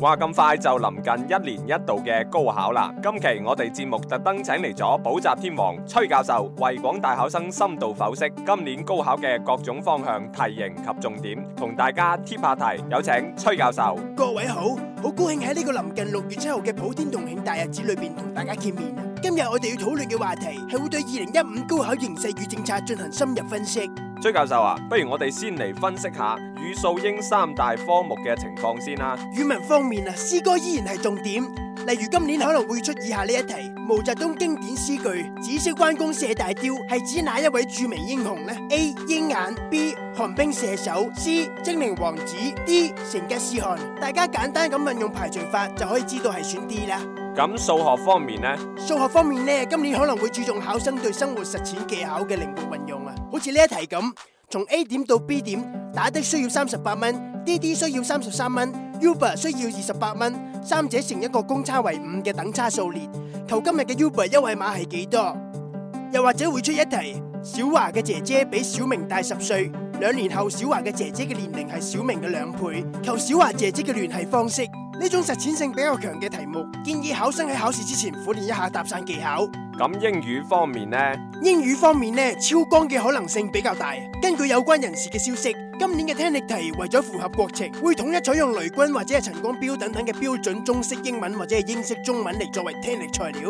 話咁快就臨近一年一度嘅高考啦！今期我哋節目特登請嚟咗補習天王崔教授，為廣大考生深度剖析今年高考嘅各種方向、題型及重點，同大家貼下題。有請崔教授。各位好，好高興喺呢個臨近六月七號嘅普天同慶大日子裏邊同大家見面。今日我哋要討論嘅話題係會對二零一五高考形勢與政策進行深入分析。崔教授啊，不如我哋先嚟分析下語數英三大科目嘅情況先啦，啊。語文方面啊，詩歌依然係重點，例如今年可能會出以下呢一題：毛澤東經典詩句“只識彎弓射大雕”係指哪一位著名英雄呢？A. 鷹眼 B. 寒冰射手 C. 精靈王子 D. 成吉思汗。大家簡單咁運用排除法就可以知道係選 D 啦。咁數學方面呢？數學方面呢？今年可能會注重考生對生活實踐技巧嘅靈活運用啊，好似呢一題咁，從 A 點到 B 點，打的需要三十八蚊，滴滴需要三十三蚊，Uber 需要二十八蚊，三者成一個公差為五嘅等差數列，求今日嘅 Uber 優惠碼係幾多？又或者會出一題，小華嘅姐姐比小明大十歲，兩年後小華嘅姐姐嘅年齡係小明嘅兩倍，求小華姐姐嘅聯繫方式。呢種實踐性比較強嘅題目，建議考生喺考試之前苦練一下搭訕技巧。咁英語方面呢？英語方面呢，超綱嘅可能性比較大。根據有關人士嘅消息，今年嘅聽力題為咗符合國情，會統一採用雷軍或者係陳光標等等嘅標準中式英文或者係英式中文嚟作為聽力材料。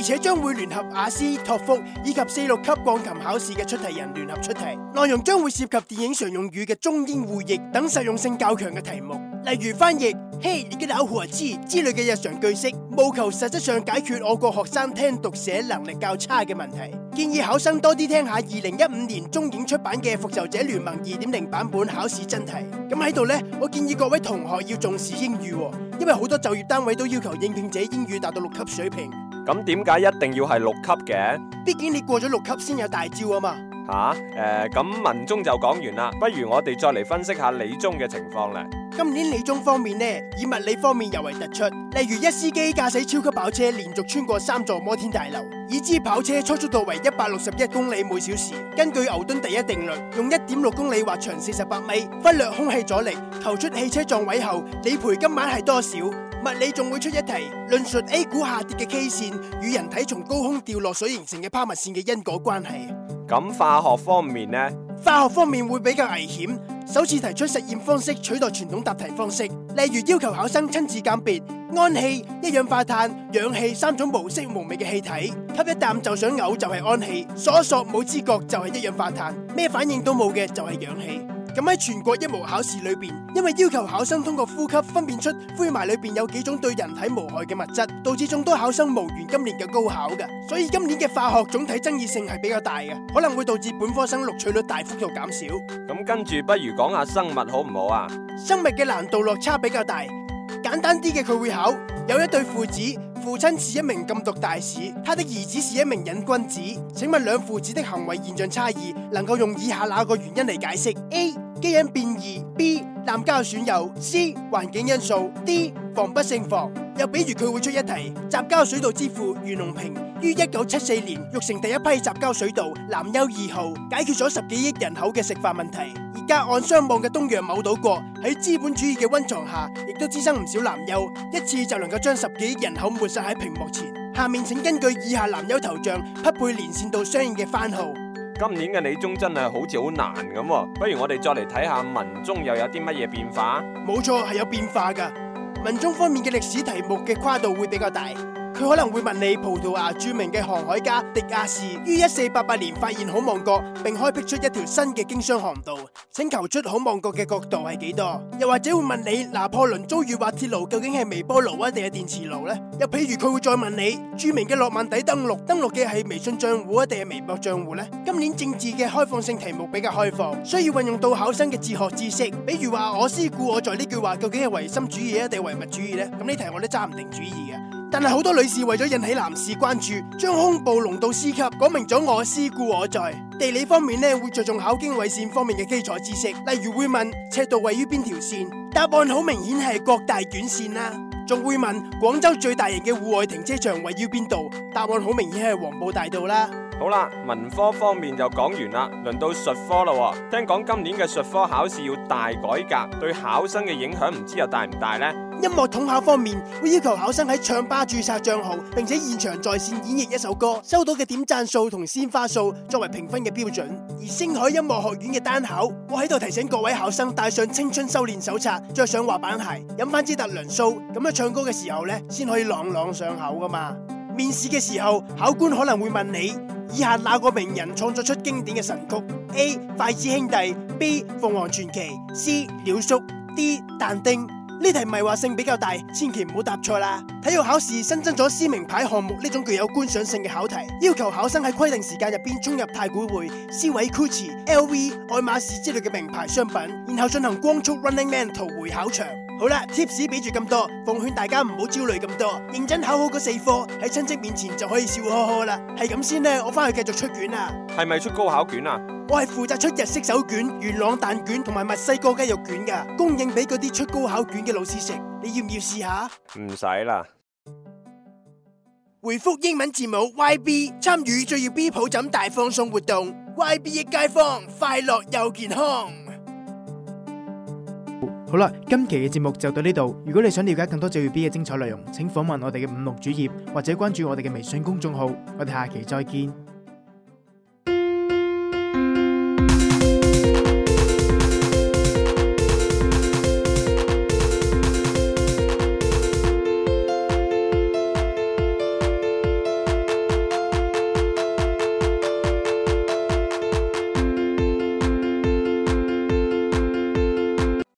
而且將會聯合雅思、托福以及四六級鋼琴考試嘅出題人聯合出題，內容將會涉及電影常用語嘅中英互譯等實用性較強嘅題目，例如翻譯嘿你嘅老何知之類嘅日常句式，務求實質上解決我國學生聽讀寫能力較差嘅問題。建議考生多啲聽下二零一五年中影出版嘅《復仇者聯盟二點零》版本考試真題。咁喺度呢，我建議各位同學要重視英語、哦，因為好多就業單位都要求應聘者英語達到六級水平。咁點解一定要係六級嘅？畢竟你過咗六級先有大招啊嘛！吓，誒，咁文綜就講完啦，不如我哋再嚟分析下理綜嘅情況啦。今年理綜方面呢，以物理方面尤為突出。例如，一司機駕駛超級跑車連續穿過三座摩天大樓，已知跑車初速度為一百六十一公里每小時。根據牛頓第一定律，用一點六公里畫長四十八米，忽略空氣阻力，求出汽車撞毀後理賠今晚係多少？物理仲會出一題論述 A 股下跌嘅 K 線與人體從高空掉落水形成嘅拋物線嘅因果關係。咁化學方面呢？化學方面會比較危險，首次提出實驗方式取代傳統答題方式，例如要求考生親自鑑別氨氣、一氧化碳、氧氣三種無色無味嘅氣體，吸一啖就想嘔就係氨氣，嗦一嗦冇知覺就係一氧化碳，咩反應都冇嘅就係氧氣。咁喺全國一模考試裏邊，因為要求考生通過呼吸分辨出灰霾裏邊有幾種對人體無害嘅物質，導致眾多考生無緣今年嘅高考嘅，所以今年嘅化學總體爭議性係比較大嘅，可能會導致本科生錄取率大幅度減少。咁跟住不如講下生物好唔好啊？生物嘅難度落差比較大，簡單啲嘅佢會考，有一對父子，父親是一名禁毒大使，他的兒子是一名癮君子。請問兩父子的行為現象差異能夠用以下哪個原因嚟解釋？A 基因變異，B 濫交選友，C 環境因素，D 防不勝防。又比如佢會出一題，雜交水稻之父袁隆平於一九七四年育成第一批雜交水稻南優二號，解決咗十幾億人口嘅食飯問題。而隔岸相望嘅東洋某島國喺資本主義嘅温床下，亦都滋生唔少南優，一次就能夠將十幾億人口抹殺喺屏幕前。下面請根據以下南優頭像匹配連線到相應嘅番號。今年嘅理綜真係好似好難咁喎，不如我哋再嚟睇下文綜又有啲乜嘢變化？冇錯，係有變化噶，文綜方面嘅歷史題目嘅跨度會比較大。佢可能會問你葡萄牙著名嘅航海家迪亞士於一四八八年發現好望角，並開辟出一條新嘅經商航道。請求出好望角嘅角度係幾多？又或者會問你拿破崙遭遇滑鐵盧，究竟係微波爐啊定係電磁爐呢？又譬如佢會再問你著名嘅諾曼底登陸，登陸嘅係微信賬戶啊定係微博賬戶呢？今年政治嘅開放性題目比較開放，需要運用到考生嘅自學知識。比如話我思故我在呢句話究竟係唯心主義啊定係唯物主義呢？咁呢題我都揸唔定主意嘅。但係好多女士為咗引起男士關注，將胸部隆到 C 級，講明咗我思故我在。地理方面咧，會着重考經緯線方面嘅基礎知識，例如會問赤道位於邊條線，答案好明顯係各大卷線啦。仲會問廣州最大型嘅戶外停車場位於邊度，答案好明顯係黃埔大道啦。好啦，文科方面就講完啦，輪到術科啦。聽講今年嘅術科考試要大改革，對考生嘅影響唔知又大唔大呢？音樂統考方面會要求考生喺唱吧注冊賬號，並且現場在線演繹一首歌，收到嘅點讚數同鮮花數作為評分嘅標準。而星海音樂學院嘅單考，我喺度提醒各位考生帶上青春修煉手冊，着上滑板鞋，飲翻支特崙蘇，咁樣唱歌嘅時候呢，先可以朗朗上口噶嘛。面試嘅時候，考官可能會問你。以下哪個名人創作出經典嘅神曲？A. 筷子兄弟，B. 鳳凰傳奇，C. 鳥叔，D. 但丁。呢題迷惑性比較大，千祈唔好答錯啦！體育考試新增咗撕名牌項目呢種具有觀賞性嘅考題，要求考生喺規定時間入邊衝入太古匯、C 位、Gucci、LV、愛馬仕之類嘅名牌商品，然後進行光速 Running Man 逃回考場。好啦，tips 俾住咁多，奉勸大家唔好焦慮咁多，認真考好嗰四科，喺親戚面前就可以笑呵呵啦。係咁先呢，我翻去繼續出卷啊。係咪出高考卷啊？我係負責出日式手卷、元朗蛋卷同埋墨西哥雞肉卷噶，供應俾嗰啲出高考卷嘅老師食。你要唔要試下？唔使啦。回复英文字母 Y B 參與最耀 B 抱枕大放送活動，Y B 益街坊快樂又健康。好啦，今期嘅節目就到呢度。如果你想了解更多最耀 B 嘅精彩內容，請訪問我哋嘅五六主頁或者關注我哋嘅微信公眾號。我哋下期再見。